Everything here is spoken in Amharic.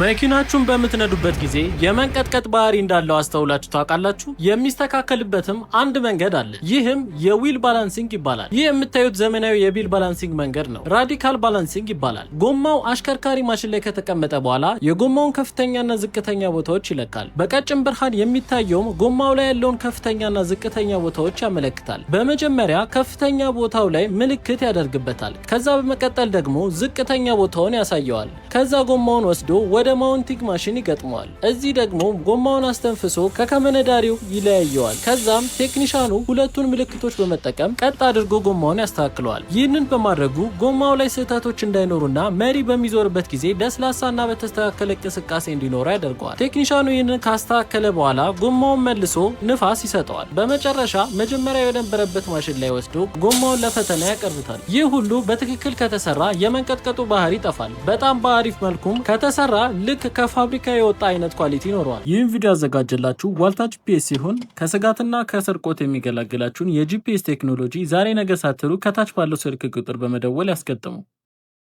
መኪናችሁን በምትነዱበት ጊዜ የመንቀጥቀጥ ባህሪ እንዳለው አስተውላችሁ ታውቃላችሁ? የሚስተካከልበትም አንድ መንገድ አለ። ይህም የዊል ባላንሲንግ ይባላል። ይህ የምታዩት ዘመናዊ የዊል ባላንሲንግ መንገድ ነው። ራዲካል ባላንሲንግ ይባላል። ጎማው አሽከርካሪ ማሽን ላይ ከተቀመጠ በኋላ የጎማውን ከፍተኛና ዝቅተኛ ቦታዎች ይለካል። በቀጭን ብርሃን የሚታየውም ጎማው ላይ ያለውን ከፍተኛና ዝቅተኛ ቦታዎች ያመለክታል። በመጀመሪያ ከፍተኛ ቦታው ላይ ምልክት ያደርግበታል። ከዛ በመቀጠል ደግሞ ዝቅተኛ ቦታውን ያሳየዋል። ከዛ ጎማውን ወስዶ ወደ ማውንቲንግ ማሽን ይገጥመዋል። እዚህ ደግሞ ጎማውን አስተንፍሶ ከከመነዳሪው ይለያየዋል። ከዛም ቴክኒሻኑ ሁለቱን ምልክቶች በመጠቀም ቀጥ አድርጎ ጎማውን ያስተካክለዋል። ይህንን በማድረጉ ጎማው ላይ ስህተቶች እንዳይኖሩና መሪ በሚዞርበት ጊዜ ለስላሳና በተስተካከለ እንቅስቃሴ እንዲኖረው ያደርገዋል። ቴክኒሻኑ ይህንን ካስተካከለ በኋላ ጎማውን መልሶ ንፋስ ይሰጠዋል። በመጨረሻ መጀመሪያ የነበረበት ማሽን ላይ ወስዶ ጎማውን ለፈተና ያቀርብታል። ይህ ሁሉ በትክክል ከተሰራ የመንቀጥቀጡ ባህሪ ይጠፋል። በጣም በአሪፍ መልኩም ከተሰራ ልክ ከፋብሪካ የወጣ አይነት ኳሊቲ ይኖረዋል። ይህን ቪዲዮ ያዘጋጀላችሁ ዋልታ ጂፒኤስ ሲሆን ከስጋትና ከስርቆት የሚገላግላችሁን የጂፒኤስ ቴክኖሎጂ ዛሬ ነገ ሳትሉ ከታች ባለው ስልክ ቁጥር በመደወል ያስገጥሙ።